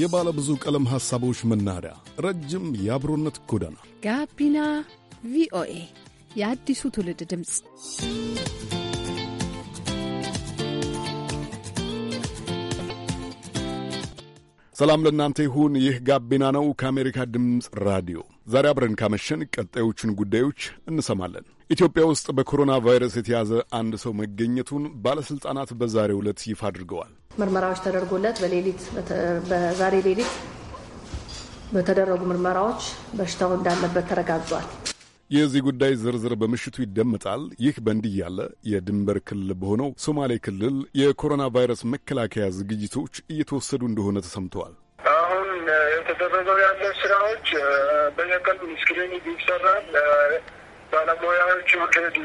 የባለ ብዙ ቀለም ሐሳቦች መናኸሪያ፣ ረጅም የአብሮነት ጎዳና፣ ጋቢና ቪኦኤ፣ የአዲሱ ትውልድ ድምፅ። ሰላም ለእናንተ ይሁን። ይህ ጋቢና ነው ከአሜሪካ ድምፅ ራዲዮ። ዛሬ አብረን ካመሸን ቀጣዮቹን ጉዳዮች እንሰማለን። ኢትዮጵያ ውስጥ በኮሮና ቫይረስ የተያዘ አንድ ሰው መገኘቱን ባለስልጣናት በዛሬው ዕለት ይፋ አድርገዋል። ምርመራዎች ተደርጎለት በሌሊት በዛሬ ሌሊት በተደረጉ ምርመራዎች በሽታው እንዳለበት ተረጋግጧል። የዚህ ጉዳይ ዝርዝር በምሽቱ ይደመጣል። ይህ በእንዲህ ያለ የድንበር ክልል በሆነው ሶማሌ ክልል የኮሮና ቫይረስ መከላከያ ዝግጅቶች እየተወሰዱ እንደሆነ ተሰምተዋል። አሁን የተደረገው ያለ ስራዎች በየቀሉ ስክሪኒንግ ይሰራል። ባለሙያዎች ውድድ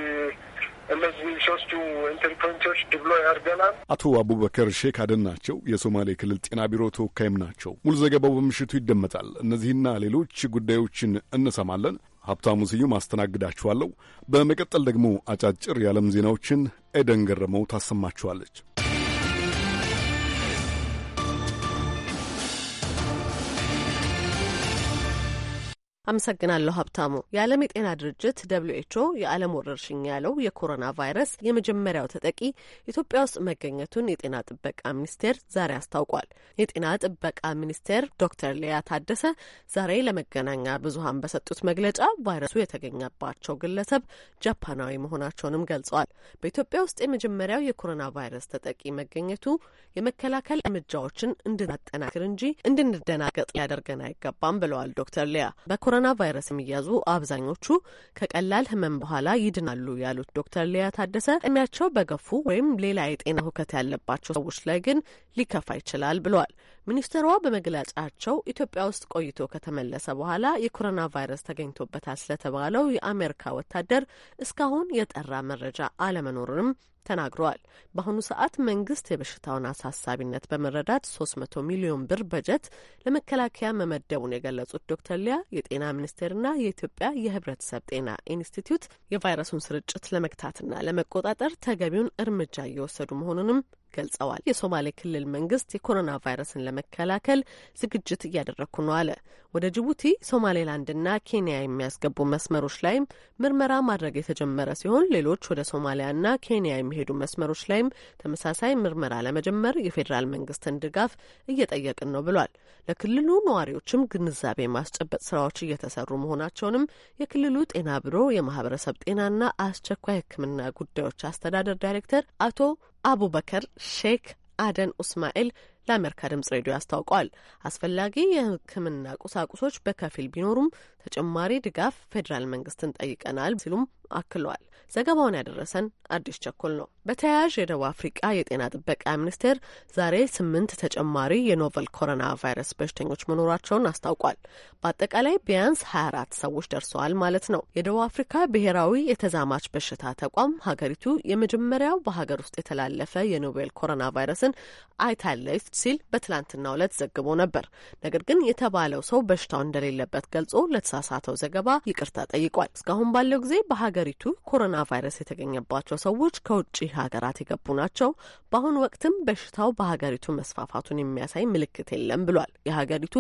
እነዚህ ሶስቱ ኢንተርፕሬንቶች ድብሎ ያርገናል። አቶ አቡበከር ሼክ አደን ናቸው። የሶማሌ ክልል ጤና ቢሮ ተወካይም ናቸው። ሙሉ ዘገባው በምሽቱ ይደመጣል። እነዚህና ሌሎች ጉዳዮችን እንሰማለን። ሀብታሙ ስዩም አስተናግዳችኋለሁ። በመቀጠል ደግሞ አጫጭር የዓለም ዜናዎችን ኤደን ገረመው ታሰማችኋለች። አመሰግናለሁ ሀብታሙ። የዓለም የጤና ድርጅት ደብሊው ኤችኦ የዓለም ወረርሽኝ ያለው የኮሮና ቫይረስ የመጀመሪያው ተጠቂ ኢትዮጵያ ውስጥ መገኘቱን የጤና ጥበቃ ሚኒስቴር ዛሬ አስታውቋል። የጤና ጥበቃ ሚኒስቴር ዶክተር ሊያ ታደሰ ዛሬ ለመገናኛ ብዙኃን በሰጡት መግለጫ ቫይረሱ የተገኘባቸው ግለሰብ ጃፓናዊ መሆናቸውንም ገልጸዋል። በኢትዮጵያ ውስጥ የመጀመሪያው የኮሮና ቫይረስ ተጠቂ መገኘቱ የመከላከል እርምጃዎችን እንድናጠናክር እንጂ እንድንደናገጥ ሊያደርገን አይገባም ብለዋል ዶክተር ሊያ በኮሮና ቫይረስ የሚያዙ አብዛኞቹ ከቀላል ህመም በኋላ ይድናሉ ያሉት ዶክተር ሊያ ታደሰ እድሜያቸው በገፉ ወይም ሌላ የጤና ሁከት ያለባቸው ሰዎች ላይ ግን ሊከፋ ይችላል ብለዋል። ሚኒስትሯ በመግለጫቸው ኢትዮጵያ ውስጥ ቆይቶ ከተመለሰ በኋላ የኮሮና ቫይረስ ተገኝቶበታል ስለተባለው የአሜሪካ ወታደር እስካሁን የጠራ መረጃ አለመኖሩንም ተናግረዋል። በአሁኑ ሰዓት መንግስት የበሽታውን አሳሳቢነት በመረዳት 300 ሚሊዮን ብር በጀት ለመከላከያ መመደቡን የገለጹት ዶክተር ሊያ የጤና ሚኒስቴርና የኢትዮጵያ የህብረተሰብ ጤና ኢንስቲትዩት የቫይረሱን ስርጭት ለመግታትና ለመቆጣጠር ተገቢውን እርምጃ እየወሰዱ መሆኑንም ገልጸዋል። የሶማሌ ክልል መንግስት የኮሮና ቫይረስን ለመከላከል ዝግጅት እያደረግኩ ነው አለ። ወደ ጅቡቲ፣ ሶማሌላንድና ኬንያ የሚያስገቡ መስመሮች ላይም ምርመራ ማድረግ የተጀመረ ሲሆን ሌሎች ወደ ሶማሊያና ኬንያ የሚሄዱ መስመሮች ላይም ተመሳሳይ ምርመራ ለመጀመር የፌዴራል መንግስትን ድጋፍ እየጠየቅን ነው ብሏል። ለክልሉ ነዋሪዎችም ግንዛቤ ማስጨበጥ ስራዎች እየተሰሩ መሆናቸውንም የክልሉ ጤና ቢሮ የማህበረሰብ ጤናና አስቸኳይ ሕክምና ጉዳዮች አስተዳደር ዳይሬክተር አቶ አቡበከር ሼክ አደን ኡስማኤል ለአሜሪካ ድምጽ ሬዲዮ አስታውቀዋል። አስፈላጊ የሕክምና ቁሳቁሶች በከፊል ቢኖሩም ተጨማሪ ድጋፍ ፌዴራል መንግስትን ጠይቀናል ሲሉም አክለዋል። ዘገባውን ያደረሰን አዲስ ቸኮል ነው። በተያያዥ የደቡብ አፍሪቃ የጤና ጥበቃ ሚኒስቴር ዛሬ ስምንት ተጨማሪ የኖቨል ኮሮና ቫይረስ በሽተኞች መኖራቸውን አስታውቋል። በአጠቃላይ ቢያንስ ሀያ አራት ሰዎች ደርሰዋል ማለት ነው። የደቡብ አፍሪካ ብሔራዊ የተዛማች በሽታ ተቋም ሀገሪቱ የመጀመሪያው በሀገር ውስጥ የተላለፈ የኖቬል ኮሮና ቫይረስን አይታለች ሲል በትላንትናው ዕለት ዘግቦ ነበር። ነገር ግን የተባለው ሰው በሽታው እንደሌለበት ገልጾ ለተሳ ለተሳሳተው ዘገባ ይቅርታ ጠይቋል። እስካሁን ባለው ጊዜ በሀገሪቱ ኮሮና ቫይረስ የተገኘባቸው ሰዎች ከውጭ ሀገራት የገቡ ናቸው። በአሁኑ ወቅትም በሽታው በሀገሪቱ መስፋፋቱን የሚያሳይ ምልክት የለም ብሏል የሀገሪቱ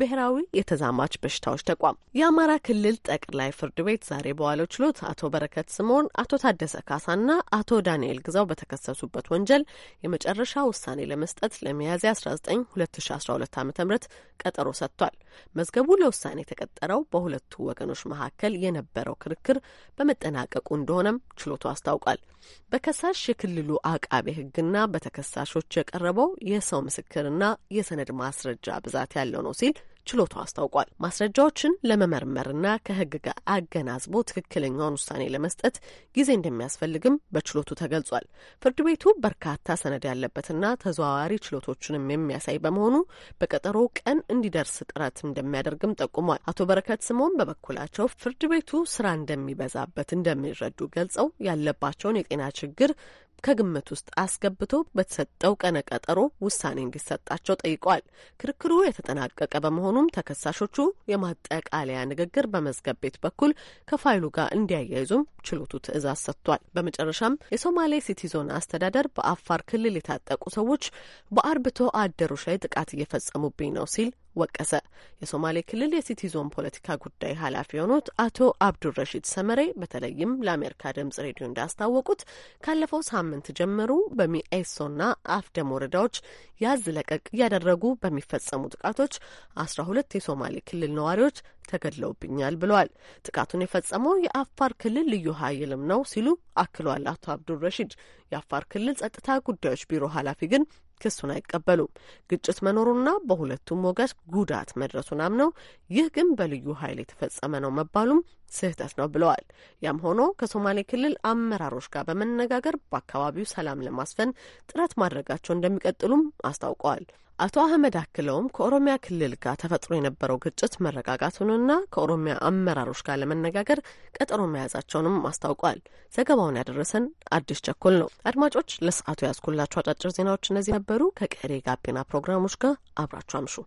ብሔራዊ የተዛማች በሽታዎች ተቋም። የአማራ ክልል ጠቅላይ ፍርድ ቤት ዛሬ በዋለው ችሎት አቶ በረከት ስምኦን፣ አቶ ታደሰ ካሳና አቶ ዳንኤል ግዛው በተከሰሱበት ወንጀል የመጨረሻ ውሳኔ ለመስጠት ለሚያዝያ 19 2012 ዓ ም ቀጠሮ ሰጥቷል። መዝገቡ ለውሳኔ የተቀጠረው በ በሁለቱ ወገኖች መካከል የነበረው ክርክር በመጠናቀቁ እንደሆነም ችሎቱ አስታውቋል። በከሳሽ የክልሉ አቃቤ ሕግና በተከሳሾች የቀረበው የሰው ምስክርና የሰነድ ማስረጃ ብዛት ያለው ነው ሲል ችሎቱ አስታውቋል። ማስረጃዎችን ለመመርመርና ከህግ ጋር አገናዝቦ ትክክለኛውን ውሳኔ ለመስጠት ጊዜ እንደሚያስፈልግም በችሎቱ ተገልጿል። ፍርድ ቤቱ በርካታ ሰነድ ያለበትና ተዘዋዋሪ ችሎቶችንም የሚያሳይ በመሆኑ በቀጠሮ ቀን እንዲደርስ ጥረት እንደሚያደርግም ጠቁሟል። አቶ በረከት ስምኦን በበኩላቸው ፍርድ ቤቱ ስራ እንደሚበዛበት እንደሚረዱ ገልጸው ያለባቸውን የጤና ችግር ከግምት ውስጥ አስገብቶ በተሰጠው ቀነ ቀጠሮ ውሳኔ እንዲሰጣቸው ጠይቀዋል። ክርክሩ የተጠናቀቀ በመሆኑም ተከሳሾቹ የማጠቃለያ ንግግር በመዝገብ ቤት በኩል ከፋይሉ ጋር እንዲያያይዙም ችሎቱ ትዕዛዝ ሰጥቷል። በመጨረሻም የሶማሌ ሲቲ ዞን አስተዳደር በአፋር ክልል የታጠቁ ሰዎች በአርብቶ አደሮች ላይ ጥቃት እየፈጸሙብኝ ነው ሲል ወቀሰ። የሶማሌ ክልል የሲቲ ዞን ፖለቲካ ጉዳይ ኃላፊ የሆኑት አቶ አብዱረሺድ ሰመሬ በተለይም ለአሜሪካ ድምጽ ሬዲዮ እንዳስታወቁት ካለፈው ሳምንት ጀምሮ በሚኤሶና አፍደም ወረዳዎች ያዝ ለቀቅ እያደረጉ በሚፈጸሙ ጥቃቶች አስራ ሁለት የሶማሌ ክልል ነዋሪዎች ተገድለውብኛል ብለዋል። ጥቃቱን የፈጸመው የአፋር ክልል ልዩ ኃይልም ነው ሲሉ አክሏል አቶ አብዱረሺድ። የአፋር ክልል ጸጥታ ጉዳዮች ቢሮ ኃላፊ ግን ክሱን አይቀበሉም። ግጭት መኖሩና በሁለቱም ወገን ጉዳት መድረሱን አምነው ይህ ግን በልዩ ኃይል የተፈጸመ ነው መባሉም ስህተት ነው ብለዋል። ያም ሆኖ ከሶማሌ ክልል አመራሮች ጋር በመነጋገር በአካባቢው ሰላም ለማስፈን ጥረት ማድረጋቸው እንደሚቀጥሉም አስታውቀዋል። አቶ አህመድ አክለውም ከኦሮሚያ ክልል ጋር ተፈጥሮ የነበረው ግጭት መረጋጋቱንና ከኦሮሚያ አመራሮች ጋር ለመነጋገር ቀጠሮ መያዛቸውንም አስታውቋል። ዘገባውን ያደረሰን አዲስ ቸኮል ነው። አድማጮች፣ ለሰዓቱ ያዝኩላቸው አጫጭር ዜናዎች እነዚህ ነበሩ። ከቀሪ ጋቢና ፕሮግራሞች ጋር አብራችሁ አምሹ።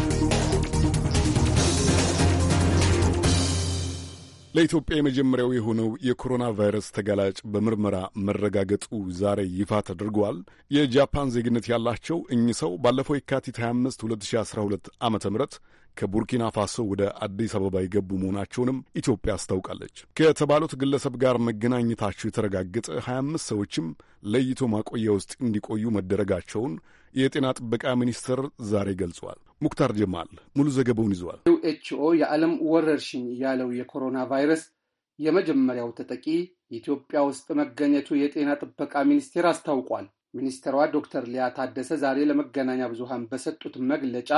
ለኢትዮጵያ የመጀመሪያው የሆነው የኮሮና ቫይረስ ተጋላጭ በምርመራ መረጋገጡ ዛሬ ይፋ ተደርጓል። የጃፓን ዜግነት ያላቸው እኚህ ሰው ባለፈው የካቲት 25 2012 ዓ ም ከቡርኪና ፋሶ ወደ አዲስ አበባ የገቡ መሆናቸውንም ኢትዮጵያ አስታውቃለች። ከተባሉት ግለሰብ ጋር መገናኘታቸው የተረጋገጠ 25 ሰዎችም ለይቶ ማቆያ ውስጥ እንዲቆዩ መደረጋቸውን የጤና ጥበቃ ሚኒስቴር ዛሬ ገልጿል። ሙክታር ጀማል ሙሉ ዘገባውን ይዘዋል። ደብሊው ኤች የዓለም ወረርሽኝ ያለው የኮሮና ቫይረስ የመጀመሪያው ተጠቂ ኢትዮጵያ ውስጥ መገኘቱ የጤና ጥበቃ ሚኒስቴር አስታውቋል። ሚኒስትሯ ዶክተር ሊያ ታደሰ ዛሬ ለመገናኛ ብዙሃን በሰጡት መግለጫ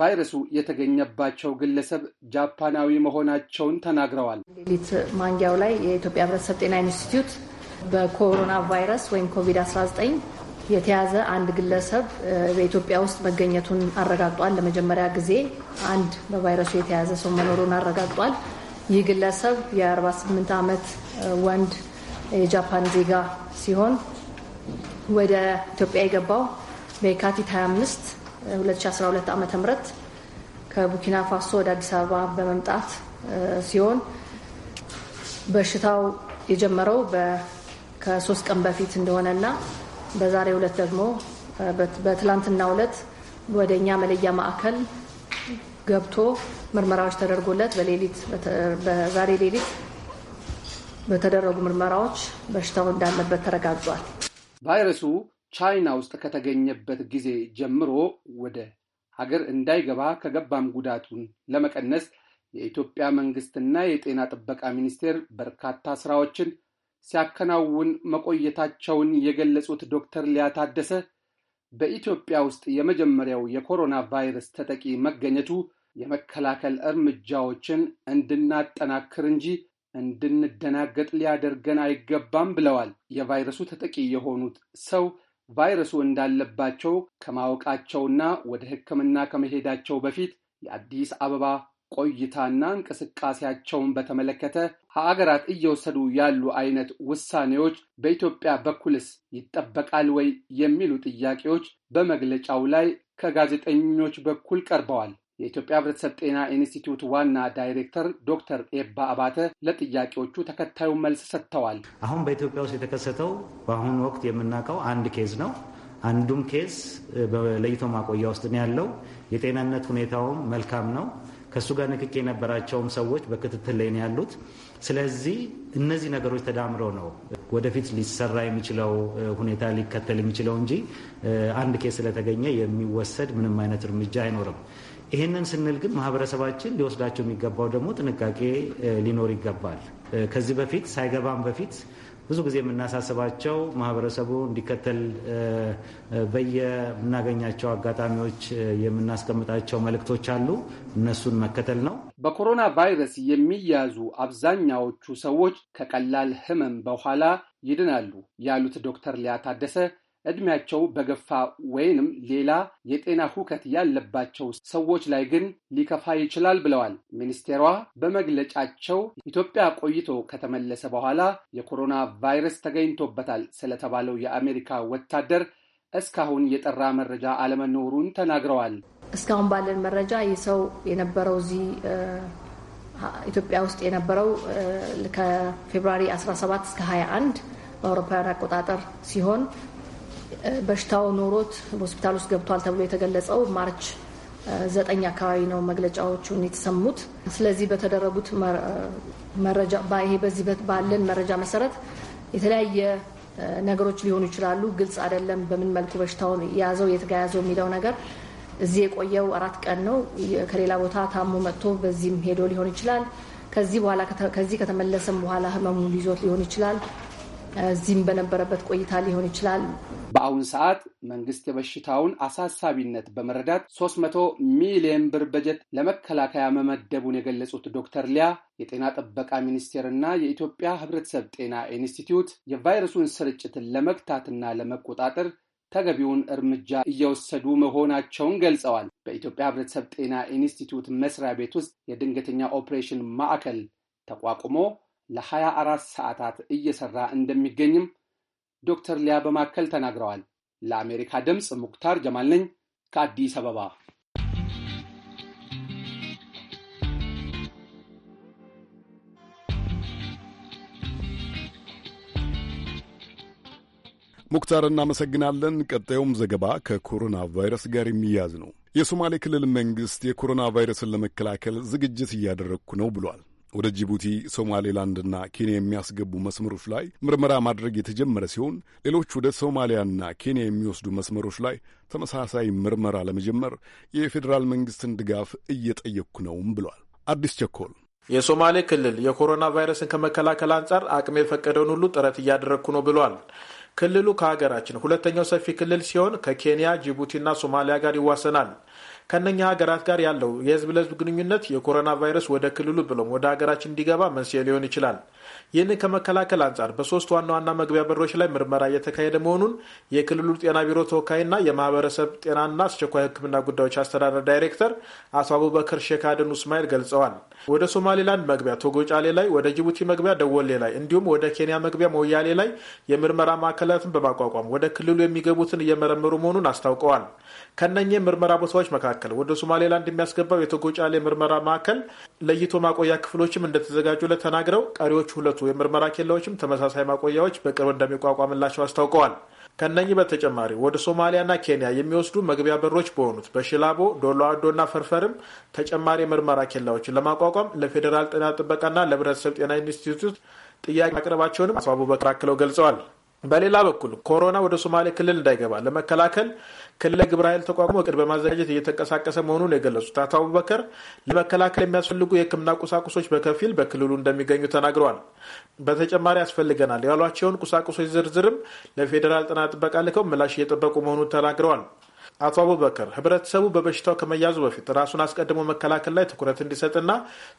ቫይረሱ የተገኘባቸው ግለሰብ ጃፓናዊ መሆናቸውን ተናግረዋል። ሌሊት ማንጊያው ላይ የኢትዮጵያ ሕብረተሰብ ጤና ኢንስቲትዩት በኮሮና ቫይረስ ወይም ኮቪድ-19 የተያዘ አንድ ግለሰብ በኢትዮጵያ ውስጥ መገኘቱን አረጋግጧል። ለመጀመሪያ ጊዜ አንድ በቫይረሱ የተያዘ ሰው መኖሩን አረጋግጧል። ይህ ግለሰብ የ48 ዓመት ወንድ የጃፓን ዜጋ ሲሆን ወደ ኢትዮጵያ የገባው በየካቲት 25 2012 ዓ ም ከቡኪና ፋሶ ወደ አዲስ አበባ በመምጣት ሲሆን በሽታው የጀመረው ከሶስት ቀን በፊት እንደሆነና በዛሬው ዕለት ደግሞ በትላንትናው ዕለት ወደ እኛ መለያ ማዕከል ገብቶ ምርመራዎች ተደርጎለት በሌሊት በዛሬ ሌሊት በተደረጉ ምርመራዎች በሽታው እንዳለበት ተረጋግጧል። ቫይረሱ ቻይና ውስጥ ከተገኘበት ጊዜ ጀምሮ ወደ ሀገር እንዳይገባ ከገባም ጉዳቱን ለመቀነስ የኢትዮጵያ መንግስትና የጤና ጥበቃ ሚኒስቴር በርካታ ስራዎችን ሲያከናውን መቆየታቸውን የገለጹት ዶክተር ሊያ ታደሰ በኢትዮጵያ ውስጥ የመጀመሪያው የኮሮና ቫይረስ ተጠቂ መገኘቱ የመከላከል እርምጃዎችን እንድናጠናክር እንጂ እንድንደናገጥ ሊያደርገን አይገባም ብለዋል። የቫይረሱ ተጠቂ የሆኑት ሰው ቫይረሱ እንዳለባቸው ከማወቃቸውና ወደ ሕክምና ከመሄዳቸው በፊት የአዲስ አበባ ቆይታና እንቅስቃሴያቸውን በተመለከተ ሀገራት እየወሰዱ ያሉ አይነት ውሳኔዎች በኢትዮጵያ በኩልስ ይጠበቃል ወይ የሚሉ ጥያቄዎች በመግለጫው ላይ ከጋዜጠኞች በኩል ቀርበዋል። የኢትዮጵያ ሕብረተሰብ ጤና ኢንስቲትዩት ዋና ዳይሬክተር ዶክተር ኤባ አባተ ለጥያቄዎቹ ተከታዩን መልስ ሰጥተዋል። አሁን በኢትዮጵያ ውስጥ የተከሰተው በአሁኑ ወቅት የምናውቀው አንድ ኬዝ ነው። አንዱም ኬዝ በለይቶ ማቆያ ውስጥ ነው ያለው። የጤናነት ሁኔታውም መልካም ነው። ከእሱ ጋር ንክኪ የነበራቸውም ሰዎች በክትትል ላይ ነው ያሉት። ስለዚህ እነዚህ ነገሮች ተዳምረው ነው ወደፊት ሊሰራ የሚችለው ሁኔታ ሊከተል የሚችለው እንጂ አንድ ኬስ ስለተገኘ የሚወሰድ ምንም አይነት እርምጃ አይኖርም። ይህንን ስንል ግን ማህበረሰባችን ሊወስዳቸው የሚገባው ደግሞ ጥንቃቄ ሊኖር ይገባል። ከዚህ በፊት ሳይገባም በፊት ብዙ ጊዜ የምናሳስባቸው ማህበረሰቡ እንዲከተል በየምናገኛቸው አጋጣሚዎች የምናስቀምጣቸው መልእክቶች አሉ። እነሱን መከተል ነው። በኮሮና ቫይረስ የሚያዙ አብዛኛዎቹ ሰዎች ከቀላል ህመም በኋላ ይድናሉ ያሉት ዶክተር ሊያ ታደሰ እድሜያቸው በገፋ ወይንም ሌላ የጤና ሁከት ያለባቸው ሰዎች ላይ ግን ሊከፋ ይችላል ብለዋል ሚኒስቴሯ። በመግለጫቸው ኢትዮጵያ ቆይቶ ከተመለሰ በኋላ የኮሮና ቫይረስ ተገኝቶበታል ስለተባለው የአሜሪካ ወታደር እስካሁን የጠራ መረጃ አለመኖሩን ተናግረዋል። እስካሁን ባለን መረጃ ይህ ሰው የነበረው እዚህ ኢትዮጵያ ውስጥ የነበረው ከፌብራሪ 17 እስከ 21 በአውሮፓውያን አቆጣጠር ሲሆን በሽታው ኖሮት ሆስፒታል ውስጥ ገብቷል ተብሎ የተገለጸው ማርች ዘጠኝ አካባቢ ነው መግለጫዎቹን የተሰሙት። ስለዚህ በተደረጉት መረጃ ይሄ በዚህ ባለን መረጃ መሰረት የተለያየ ነገሮች ሊሆኑ ይችላሉ። ግልጽ አይደለም በምን መልኩ በሽታውን የያዘው የት የሚለው ነገር እዚህ የቆየው አራት ቀን ነው። ከሌላ ቦታ ታሞ መጥቶ በዚህም ሄዶ ሊሆን ይችላል። ከዚህ በኋላ ከዚህ ከተመለሰም በኋላ ህመሙ ይዞት ሊሆን ይችላል። እዚህም በነበረበት ቆይታ ሊሆን ይችላል። በአሁን ሰዓት መንግስት የበሽታውን አሳሳቢነት በመረዳት 300 ሚሊዮን ብር በጀት ለመከላከያ መመደቡን የገለጹት ዶክተር ሊያ የጤና ጥበቃ ሚኒስቴርና የኢትዮጵያ ሕብረተሰብ ጤና ኢንስቲትዩት የቫይረሱን ስርጭትን ለመግታትና ለመቆጣጠር ተገቢውን እርምጃ እየወሰዱ መሆናቸውን ገልጸዋል። በኢትዮጵያ ሕብረተሰብ ጤና ኢንስቲትዩት መስሪያ ቤት ውስጥ የድንገተኛ ኦፕሬሽን ማዕከል ተቋቁሞ ለ24 ሰዓታት እየሰራ እንደሚገኝም ዶክተር ሊያ በማከል ተናግረዋል። ለአሜሪካ ድምፅ ሙክታር ጀማል ነኝ ከአዲስ አበባ። ሙክታር እናመሰግናለን። ቀጣዩም ዘገባ ከኮሮና ቫይረስ ጋር የሚያያዝ ነው። የሶማሌ ክልል መንግሥት የኮሮና ቫይረስን ለመከላከል ዝግጅት እያደረግኩ ነው ብሏል። ወደ ጅቡቲ፣ ሶማሌላንድና ኬንያ የሚያስገቡ መስመሮች ላይ ምርመራ ማድረግ የተጀመረ ሲሆን ሌሎች ወደ ሶማሊያና ኬንያ የሚወስዱ መስመሮች ላይ ተመሳሳይ ምርመራ ለመጀመር የፌዴራል መንግስትን ድጋፍ እየጠየቅኩ ነውም ብሏል። አዲስ ቸኮል የሶማሌ ክልል የኮሮና ቫይረስን ከመከላከል አንጻር አቅም የፈቀደውን ሁሉ ጥረት እያደረግኩ ነው ብሏል። ክልሉ ከሀገራችን ሁለተኛው ሰፊ ክልል ሲሆን ከኬንያ ጅቡቲና ሶማሊያ ጋር ይዋሰናል። ከነኛ ሀገራት ጋር ያለው የህዝብ ለህዝብ ግንኙነት የኮሮና ቫይረስ ወደ ክልሉ ብሎም ወደ ሀገራችን እንዲገባ መንስኤ ሊሆን ይችላል። ይህንን ከመከላከል አንጻር በሶስት ዋና ዋና መግቢያ በሮች ላይ ምርመራ እየተካሄደ መሆኑን የክልሉ ጤና ቢሮ ተወካይና የማህበረሰብ ጤናና አስቸኳይ ሕክምና ጉዳዮች አስተዳደር ዳይሬክተር አቶ አቡበከር ሼክ አደን ኡስማኤል ገልጸዋል። ወደ ሶማሌላንድ መግቢያ ቶጎጫሌ ላይ፣ ወደ ጅቡቲ መግቢያ ደወሌ ላይ እንዲሁም ወደ ኬንያ መግቢያ ሞያሌ ላይ የምርመራ ማዕከላትን በማቋቋም ወደ ክልሉ የሚገቡትን እየመረመሩ መሆኑን አስታውቀዋል። ከነኚህ ምርመራ ቦታዎች መካከል ወደ ሶማሌላንድ የሚያስገባው የቶጎጫሌ ምርመራ ማዕከል ለይቶ ማቆያ ክፍሎችም እንደተዘጋጁ ለተናግረው ቀሪዎቹ ሁለቱ የምርመራ ኬላዎችም ተመሳሳይ ማቆያዎች በቅርብ እንደሚቋቋምላቸው አስታውቀዋል። ከነኚህ በተጨማሪ ወደ ሶማሊያና ኬንያ የሚወስዱ መግቢያ በሮች በሆኑት በሽላቦ ዶሎ አዶና ፈርፈርም ተጨማሪ የምርመራ ኬላዎችን ለማቋቋም ለፌዴራል ጤና ጥበቃና ለሕብረተሰብ ጤና ኢንስቲትዩት ጥያቄ ማቅረባቸውንም አቶ አቡበክር አክለው ገልጸዋል። በሌላ በኩል ኮሮና ወደ ሶማሌ ክልል እንዳይገባ ለመከላከል ክልለ ግብረ ኃይል ተቋቁሞ እቅድ በማዘጋጀት እየተንቀሳቀሰ መሆኑን የገለጹት አቶ አቡበከር ለመከላከል የሚያስፈልጉ የሕክምና ቁሳቁሶች በከፊል በክልሉ እንደሚገኙ ተናግረዋል። በተጨማሪ ያስፈልገናል ያሏቸውን ቁሳቁሶች ዝርዝርም ለፌዴራል ጤና ጥበቃ ልከው ምላሽ እየጠበቁ መሆኑን ተናግረዋል። አቶ አቡበከር ህብረተሰቡ በበሽታው ከመያዙ በፊት ራሱን አስቀድሞ መከላከል ላይ ትኩረት እንዲሰጥና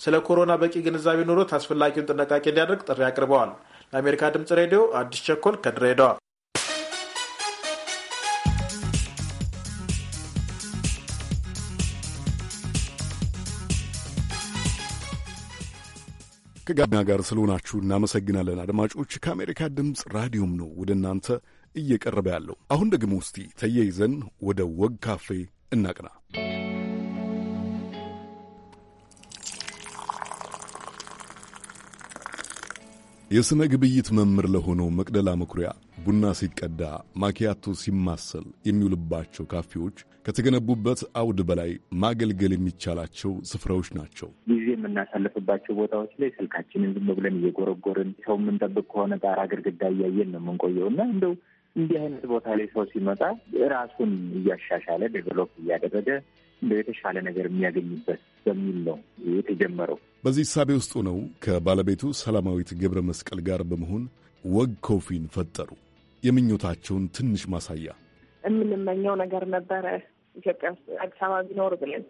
ስለ ኮሮና በቂ ግንዛቤ ኑሮት አስፈላጊውን ጥንቃቄ እንዲያደርግ ጥሪ አቅርበዋል። ለአሜሪካ ድምጽ ሬዲዮ አዲስ ቸኮል ከድሬዳዋ። ከጋቢና ጋር ስለሆናችሁ እናመሰግናለን አድማጮች። ከአሜሪካ ድምፅ ራዲዮም ነው ወደ እናንተ እየቀረበ ያለው። አሁን ደግሞ እስቲ ተያይዘን ወደ ወግ ካፌ እናቅና። የሥነ ግብይት መምህር ለሆነው መቅደላ መኩሪያ ቡና ሲቀዳ ማኪያቶ ሲማሰል የሚውልባቸው ካፌዎች ከተገነቡበት አውድ በላይ ማገልገል የሚቻላቸው ስፍራዎች ናቸው። ጊዜ የምናሳልፍባቸው ቦታዎች ላይ ስልካችንን ዝም ብለን እየጎረጎርን ሰው የምንጠብቅ ከሆነ ጣራ ግድግዳ እያየን ነው የምንቆየው እና እንደው እንዲህ አይነት ቦታ ላይ ሰው ሲመጣ ራሱን እያሻሻለ ዴቨሎፕ እያደረገ እንደው የተሻለ ነገር የሚያገኝበት በሚል ነው የተጀመረው። በዚህ ሳቤ ውስጡ ነው ከባለቤቱ ሰላማዊት ገብረ መስቀል ጋር በመሆን ወግ ኮፊን ፈጠሩ። የምኞታቸውን ትንሽ ማሳያ የምንመኘው ነገር ነበረ ኢትዮጵያ ውስጥ አዲስ አበባ ቢኖር ብለን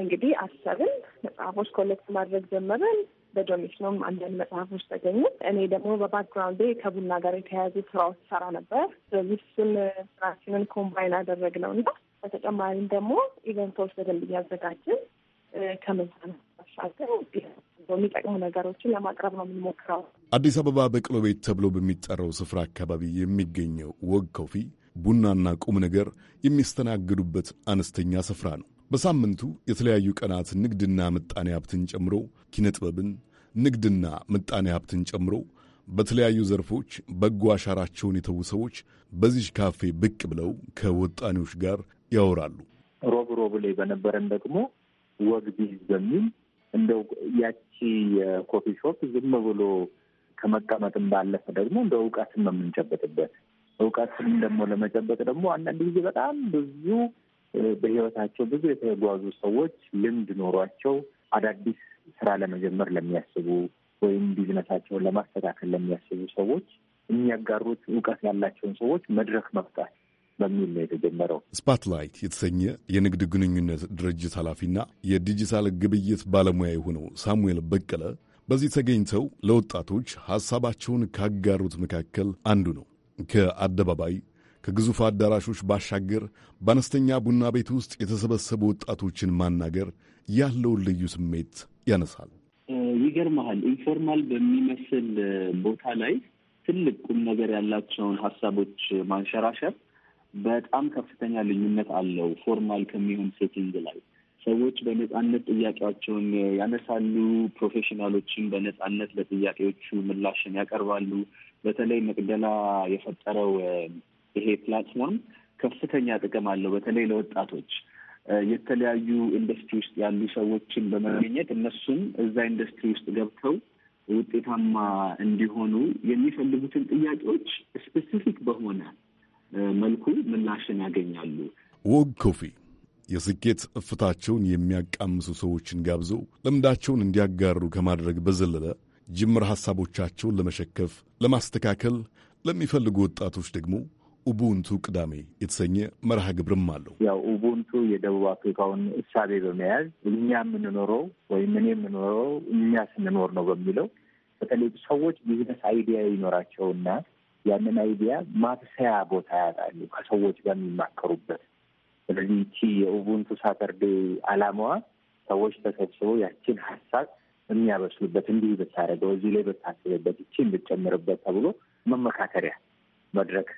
እንግዲህ አሰብን። መጽሐፎች ኮሌክት ማድረግ ጀመረን። በዶኔሽኑም አንዳንድ መጽሐፎች ተገኙ። እኔ ደግሞ በባክግራውንዴ ከቡና ጋር የተያያዙ ስራዎች ሰራ ነበር። ስለዚህ እሱን ስራችንን ኮምባይን ነው እና በተጨማሪም ደግሞ ኢቨንቶች በደንብ እያዘጋጅን ነው አሻገር የሚጠቅሙ ነገሮችን ለማቅረብ ነው የምንሞክረው። አዲስ አበባ በቅሎ ቤት ተብሎ በሚጠራው ስፍራ አካባቢ የሚገኘው ወግ ኮፊ ቡናና ቁም ነገር የሚስተናግዱበት አነስተኛ ስፍራ ነው። በሳምንቱ የተለያዩ ቀናት ንግድና ምጣኔ ሀብትን ጨምሮ ኪነጥበብን፣ ንግድና ምጣኔ ሀብትን ጨምሮ በተለያዩ ዘርፎች በጎ አሻራቸውን የተዉ ሰዎች በዚች ካፌ ብቅ ብለው ከወጣኔዎች ጋር ያወራሉ። ሮብ ሮብ ላይ በነበረን ደግሞ ወግ ቢዝ በሚል እንደው ያቺ የኮፊ ሾፕ ዝም ብሎ ከመቀመጥም ባለፈ ደግሞ እንደ እውቀትም የምንጨበጥበት እውቀትን ደግሞ ለመጨበጥ ደግሞ አንዳንድ ጊዜ በጣም ብዙ በህይወታቸው ብዙ የተጓዙ ሰዎች ልምድ ኖሯቸው አዳዲስ ስራ ለመጀመር ለሚያስቡ ወይም ቢዝነሳቸውን ለማስተካከል ለሚያስቡ ሰዎች የሚያጋሩት እውቀት ያላቸውን ሰዎች መድረክ መፍጣት በሚል ነው የተጀመረው። ስፓትላይት የተሰኘ የንግድ ግንኙነት ድርጅት ኃላፊና የዲጂታል ግብይት ባለሙያ የሆነው ሳሙኤል በቀለ በዚህ ተገኝተው ለወጣቶች ሀሳባቸውን ካጋሩት መካከል አንዱ ነው። ከአደባባይ ከግዙፍ አዳራሾች ባሻገር በአነስተኛ ቡና ቤት ውስጥ የተሰበሰቡ ወጣቶችን ማናገር ያለውን ልዩ ስሜት ያነሳል። ይገርመሃል፣ ኢንፎርማል በሚመስል ቦታ ላይ ትልቅ ቁም ነገር ያላቸውን ሀሳቦች ማንሸራሸር በጣም ከፍተኛ ልዩነት አለው። ፎርማል ከሚሆን ሴቲንግ ላይ ሰዎች በነጻነት ጥያቄያቸውን ያነሳሉ። ፕሮፌሽናሎችን በነጻነት ለጥያቄዎቹ ምላሽን ያቀርባሉ። በተለይ መቅደላ የፈጠረው ይሄ ፕላትፎርም ከፍተኛ ጥቅም አለው። በተለይ ለወጣቶች የተለያዩ ኢንዱስትሪ ውስጥ ያሉ ሰዎችን በመገኘት እነሱም እዛ ኢንዱስትሪ ውስጥ ገብተው ውጤታማ እንዲሆኑ የሚፈልጉትን ጥያቄዎች ስፔሲፊክ በሆነ መልኩ ምላሽን ያገኛሉ። ወግ ኮፊ የስኬት እፍታቸውን የሚያቃምሱ ሰዎችን ጋብዘው ልምዳቸውን እንዲያጋሩ ከማድረግ በዘለለ ጅምር ሐሳቦቻቸውን ለመሸከፍ፣ ለማስተካከል ለሚፈልጉ ወጣቶች ደግሞ ኡቡንቱ ቅዳሜ የተሰኘ መርሃ ግብርም አለው። ያው ኡቡንቱ የደቡብ አፍሪካውን እሳቤ በመያዝ እኛ የምንኖረው ወይም እኔ የምኖረው እኛ ስንኖር ነው በሚለው በተለይ ሰዎች ቢዝነስ አይዲያ ይኖራቸውና ያንን አይዲያ ማብሰያ ቦታ ያጣሉ ከሰዎች በሚማከሩበት። ስለዚህ ይቺ የኡቡንቱ ሳተርዴ አላማዋ ሰዎች ተሰብስበው ያችን ሀሳብ የሚያበስሉበት እንዲህ ብታደርገው፣ እዚህ ላይ ብታስብበት፣ ይቺ ብትጨምርበት ተብሎ መመካከሪያ መድረክ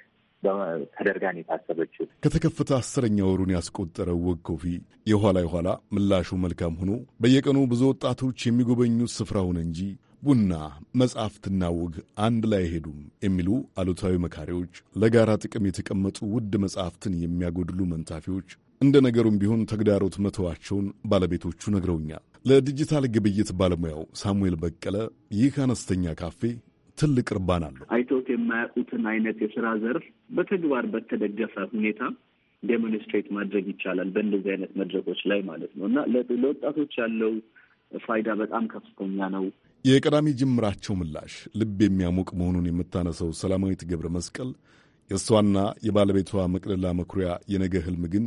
ተደርጋን የታሰበችው ከተከፈተ አስረኛ ወሩን ያስቆጠረው ወግ ኮፊ የኋላ የኋላ ምላሹ መልካም ሆኖ በየቀኑ ብዙ ወጣቶች የሚጎበኙት ስፍራውን እንጂ ቡና፣ መጽሐፍትና ውግ አንድ ላይ አይሄዱም የሚሉ አሉታዊ መካሪዎች፣ ለጋራ ጥቅም የተቀመጡ ውድ መጽሐፍትን የሚያጎድሉ መንታፊዎች፣ እንደ ነገሩም ቢሆን ተግዳሮት መተዋቸውን ባለቤቶቹ ነግረውኛል። ለዲጂታል ግብይት ባለሙያው ሳሙኤል በቀለ ይህ አነስተኛ ካፌ ትልቅ እርባን አለው። አይቶት የማያውቁትን አይነት የስራ ዘርፍ በተግባር በተደገፈ ሁኔታ ዴሞንስትሬት ማድረግ ይቻላል፣ በእንደዚህ አይነት መድረኮች ላይ ማለት ነው እና ለወጣቶች ያለው ፋይዳ በጣም ከፍተኛ ነው። የቀዳሚ ጅምራቸው ምላሽ ልብ የሚያሞቅ መሆኑን የምታነሰው ሰላማዊት ገብረ መስቀል የእሷና የባለቤቷ መቅደላ መኩሪያ የነገ ህልም ግን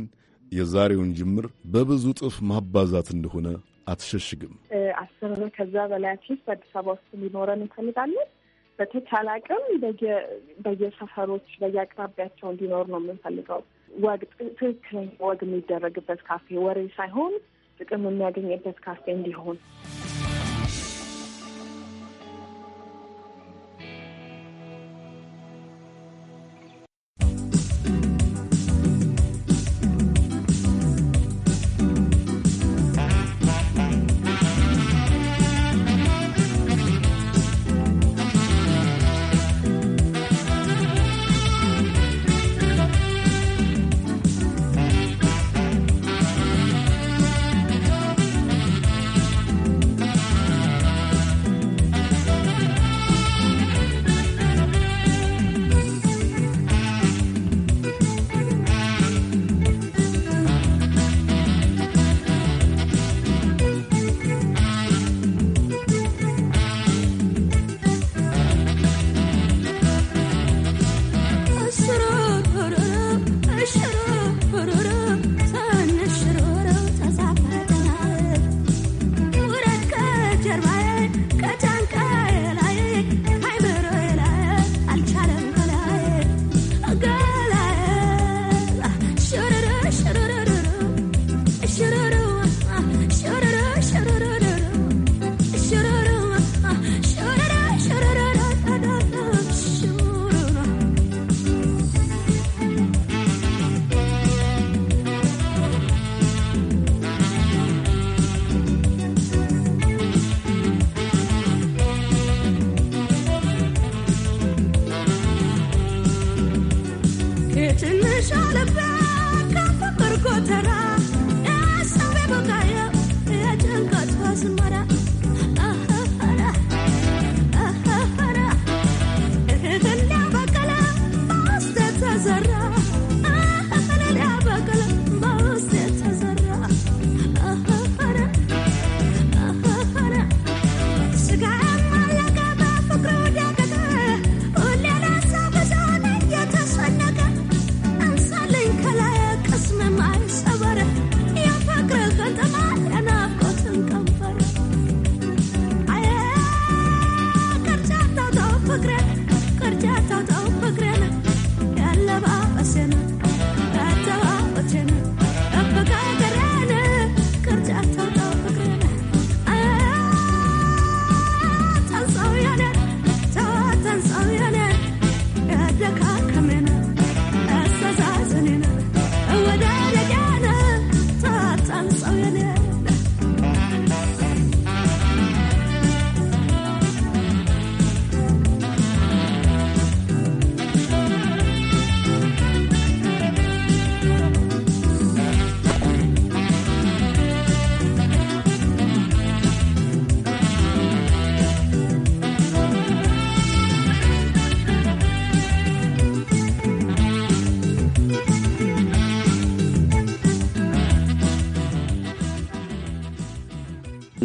የዛሬውን ጅምር በብዙ ጥፍ ማባዛት እንደሆነ አትሸሽግም። አስር ከዛ በላይ አትሊስት በአዲስ አበባ ውስጥ ሊኖረን እንፈልጋለን። በተቻለ አቅም በየሰፈሮች በየአቅራቢያቸው እንዲኖር ነው የምንፈልገው። ወግ ትክክለኛ ወግ የሚደረግበት ካፌ፣ ወሬ ሳይሆን ጥቅም የሚያገኝበት ካፌ እንዲሆን should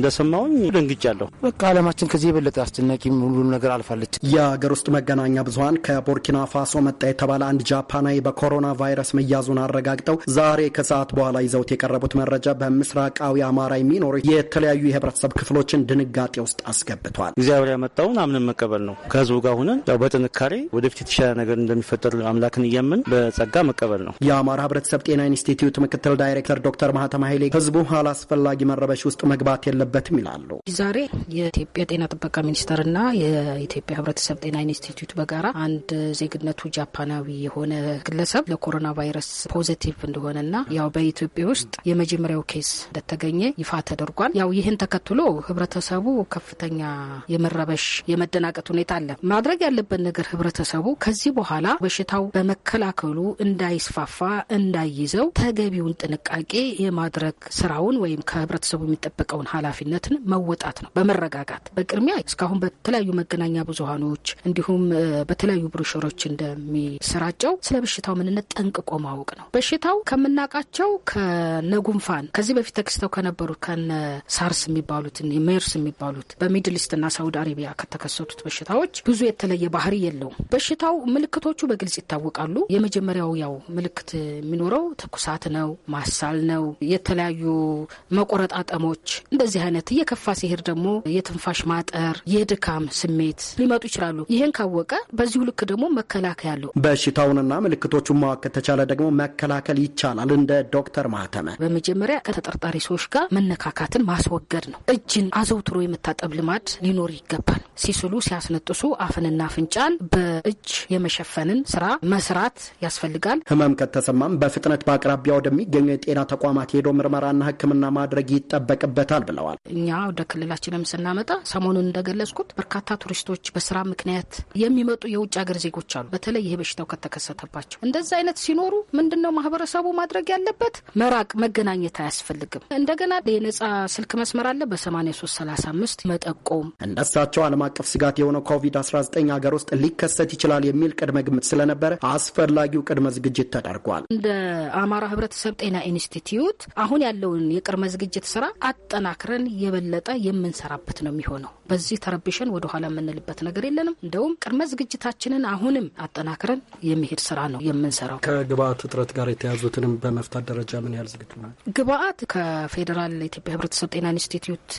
እንደሰማውኝ ደንግጫለሁ። በቃ አለማችን ከዚህ የበለጠ አስደናቂ ሁሉም ነገር አልፋለች። የአገር ውስጥ መገናኛ ብዙሀን ከቦርኪና ፋሶ መጣ የተባለ አንድ ጃፓናዊ በኮሮና ቫይረስ መያዙን አረጋግጠው ዛሬ ከሰዓት በኋላ ይዘውት የቀረቡት መረጃ በምስራቃዊ አማራ የሚኖሩ የተለያዩ የህብረተሰብ ክፍሎችን ድንጋጤ ውስጥ አስገብቷል። እግዚአብሔር ያመጣውን አምነን መቀበል ነው። ከህዝቡ ጋር ሁነን ያው በጥንካሬ ወደፊት የተሻለ ነገር እንደሚፈጠር አምላክን እያምን በጸጋ መቀበል ነው። የአማራ ህብረተሰብ ጤና ኢንስቲትዩት ምክትል ዳይሬክተር ዶክተር ማህተማ ኃይሌ ህዝቡ አላስፈላጊ መረበሽ ውስጥ መግባት የለበት የለበትም ይላሉ። ዛሬ የኢትዮጵያ ጤና ጥበቃ ሚኒስቴርና የኢትዮጵያ ሕብረተሰብ ጤና ኢንስቲትዩት በጋራ አንድ ዜግነቱ ጃፓናዊ የሆነ ግለሰብ ለኮሮና ቫይረስ ፖዚቲቭ እንደሆነና ያው በኢትዮጵያ ውስጥ የመጀመሪያው ኬስ እንደተገኘ ይፋ ተደርጓል። ያው ይህን ተከትሎ ሕብረተሰቡ ከፍተኛ የመረበሽ የመደናቀጥ ሁኔታ አለ። ማድረግ ያለበት ነገር ሕብረተሰቡ ከዚህ በኋላ በሽታው በመከላከሉ እንዳይስፋፋ እንዳይዘው ተገቢውን ጥንቃቄ የማድረግ ስራውን ወይም ከህብረተሰቡ የሚጠበቀውን ኃላፊነት ኃላፊነትን መወጣት ነው በመረጋጋት በቅድሚያ እስካሁን በተለያዩ መገናኛ ብዙሀኖች እንዲሁም በተለያዩ ብሮሸሮች እንደሚሰራጨው ስለ በሽታው ምንነት ጠንቅቆ ማወቅ ነው። በሽታው ከምናውቃቸው ከነ ጉንፋን ከዚህ በፊት ተከስተው ከነበሩት ከነ ሳርስ የሚባሉት ሜርስ የሚባሉት በሚድል ኢስትና ሳውዲ አረቢያ ከተከሰቱት በሽታዎች ብዙ የተለየ ባህሪ የለውም። በሽታው ምልክቶቹ በግልጽ ይታወቃሉ። የመጀመሪያው ያው ምልክት የሚኖረው ትኩሳት ነው፣ ማሳል ነው፣ የተለያዩ መቆረጣጠሞች እንደዚህ አይነት እየከፋ ሲሄድ ደግሞ የትንፋሽ ማጠር፣ የድካም ስሜት ሊመጡ ይችላሉ። ይህን ካወቀ በዚሁ ልክ ደግሞ መከላከያ አለው። በሽታውንና ምልክቶቹን ማወቅ ከተቻለ ደግሞ መከላከል ይቻላል። እንደ ዶክተር ማህተመ በመጀመሪያ ከተጠርጣሪ ሰዎች ጋር መነካካትን ማስወገድ ነው። እጅን አዘውትሮ የመታጠብ ልማድ ሊኖር ይገባል። ሲስሉ፣ ሲያስነጥሱ አፍንና አፍንጫን በእጅ የመሸፈንን ስራ መስራት ያስፈልጋል። ህመም ከተሰማም በፍጥነት በአቅራቢያ ወደሚገኙ የጤና ተቋማት ሄዶ ምርመራና ሕክምና ማድረግ ይጠበቅበታል ብለዋል። እኛ ወደ ክልላችንም ስናመጣ ሰሞኑን እንደገለጽኩት በርካታ ቱሪስቶች በስራ ምክንያት የሚመጡ የውጭ ሀገር ዜጎች አሉ። በተለይ ይህ በሽታው ከተከሰተባቸው እንደዚ አይነት ሲኖሩ ምንድነው ማህበረሰቡ ማድረግ ያለበት? መራቅ መገናኘት አያስፈልግም። እንደገና የነጻ ስልክ መስመር አለ በ8335 መጠቆም እንደሳቸው አለም አቀፍ ስጋት የሆነው ኮቪድ-19 ሀገር ውስጥ ሊከሰት ይችላል የሚል ቅድመ ግምት ስለነበረ አስፈላጊው ቅድመ ዝግጅት ተደርጓል። እንደ አማራ ህብረተሰብ ጤና ኢንስቲትዩት አሁን ያለውን የቅድመ ዝግጅት ስራ አጠናክረን የበለጠ የምንሰራበት ነው የሚሆነው። በዚህ ተረብሸን ወደኋላ የምንልበት ነገር የለንም። እንደውም ቅድመ ዝግጅታችንን አሁንም አጠናክረን የሚሄድ ስራ ነው የምንሰራው። ከግብአት እጥረት ጋር የተያዙትንም በመፍታት ደረጃ ምን ያህል ዝግጁ ናቸው? ግብአት ከፌዴራል ኢትዮጵያ ህብረተሰብ ጤና ኢንስቲትዩት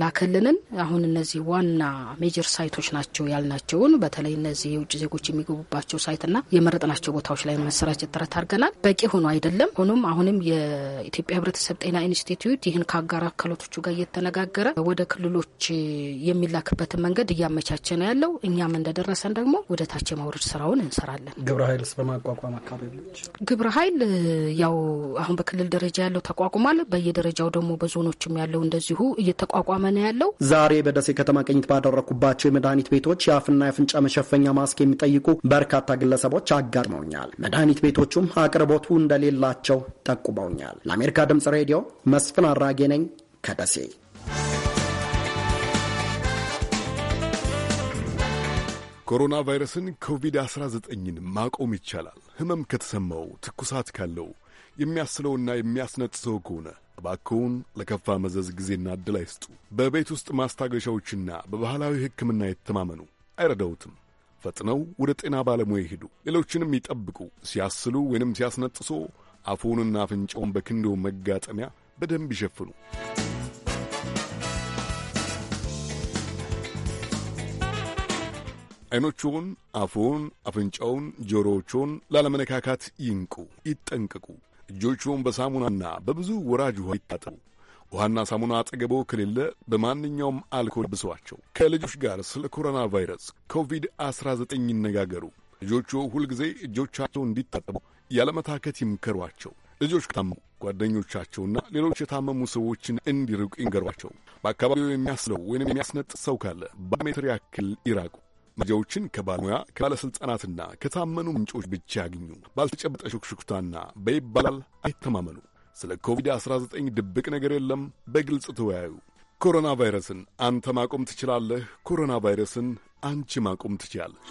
ላከልንን አሁን እነዚህ ዋና ሜጀር ሳይቶች ናቸው ያልናቸውን በተለይ እነዚህ የውጭ ዜጎች የሚገቡባቸው ሳይትና የመረጥናቸው ቦታዎች ላይ ማሰራጨት ጥረት አድርገናል። በቂ ሆኖ አይደለም። ሆኖም አሁንም የኢትዮጵያ ሕብረተሰብ ጤና ኢንስቲትዩት ይህን ከአጋር አካላቶቹ ጋር እየተነጋገረ ወደ ክልሎች የሚላክበትን መንገድ እያመቻቸ ነው ያለው። እኛም እንደደረሰን ደግሞ ወደ ታች የማውረድ ስራውን እንሰራለን። ግብረ ኃይልስ በማቋቋም አካባቢዎች ግብረ ኃይል ያው አሁን በክልል ደረጃ ያለው ተቋቁሟል። በየደረጃው ደግሞ በዞኖችም ያለው እንደዚሁ እየተቋቋመ እየተቋቋመ ነው ያለው። ዛሬ በደሴ ከተማ ቅኝት ባደረግኩባቸው የመድኃኒት ቤቶች የአፍና የአፍንጫ መሸፈኛ ማስክ የሚጠይቁ በርካታ ግለሰቦች አጋጥመውኛል። መድኃኒት ቤቶቹም አቅርቦቱ እንደሌላቸው ጠቁመውኛል። ለአሜሪካ ድምጽ ሬዲዮ መስፍን አራጌ ነኝ ከደሴ። ኮሮና ቫይረስን ኮቪድ-19ን ማቆም ይቻላል። ህመም ከተሰማው፣ ትኩሳት ካለው፣ የሚያስለውና የሚያስነጥሰው ከሆነ እባክዎን ለከፋ መዘዝ ጊዜና ዕድል አይስጡ። በቤት ውስጥ ማስታገሻዎችና በባህላዊ ሕክምና የተማመኑ አይረዳውትም። ፈጥነው ወደ ጤና ባለሙያ ይሄዱ። ሌሎችንም ይጠብቁ። ሲያስሉ ወይንም ሲያስነጥሶ አፉንና አፍንጫውን በክንዶ መጋጠሚያ በደንብ ይሸፍኑ። ዓይኖቹን፣ አፉን፣ አፍንጫውን፣ ጆሮዎቹን ላለመነካካት ይንቁ፣ ይጠንቅቁ። እጆቹን በሳሙናና በብዙ ወራጅ ውሃ ይታጠቡ። ውሃና ሳሙና አጠገቦ ከሌለ በማንኛውም አልኮል ብሰዋቸው። ከልጆች ጋር ስለ ኮሮና ቫይረስ ኮቪድ-19 ይነጋገሩ። ልጆቹ ሁልጊዜ እጆቻቸው እንዲታጠቡ ያለመታከት ይምከሯቸው። ልጆች ከታመሙ ጓደኞቻቸውና ሌሎች የታመሙ ሰዎችን እንዲርቁ ይንገሯቸው። በአካባቢው የሚያስለው ወይንም የሚያስነጥስ ሰው ካለ በሜትር ያክል ይራቁ። መረጃዎችን ከባለሙያ ከባለሥልጣናትና ከታመኑ ምንጮች ብቻ ያግኙ። ባልተጨበጠ ሹክሹክታና በይባላል አይተማመኑ። ስለ ኮቪድ-19 ድብቅ ነገር የለም፣ በግልጽ ተወያዩ። ኮሮና ቫይረስን አንተ ማቆም ትችላለህ። ኮሮና ቫይረስን አንቺ ማቆም ትችላለች።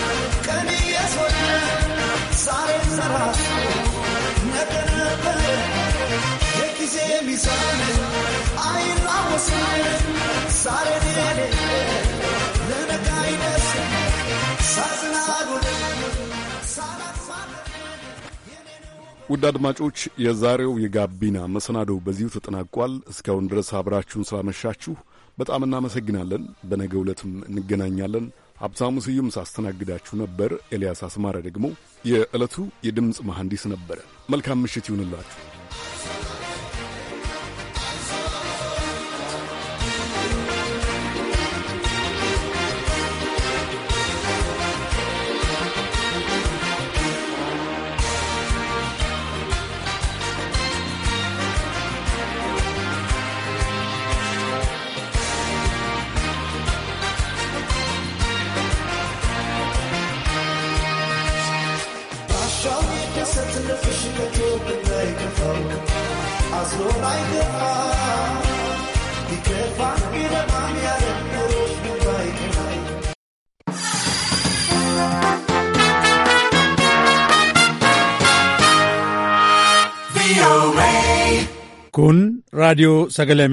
ዛሬ የጊዜ ሚዛን ውድ አድማጮች የዛሬው የጋቢና መሰናዶው በዚሁ ተጠናቋል። እስካሁን ድረስ አብራችሁን ስላመሻችሁ በጣም እናመሰግናለን። በነገ ዕለትም እንገናኛለን። ሀብታሙ ስዩም ሳስተናግዳችሁ ነበር። ኤልያስ አስማረ ደግሞ የዕለቱ የድምፅ መሐንዲስ ነበረ። መልካም ምሽት ይሁንላችሁ። raadiyoo sagalee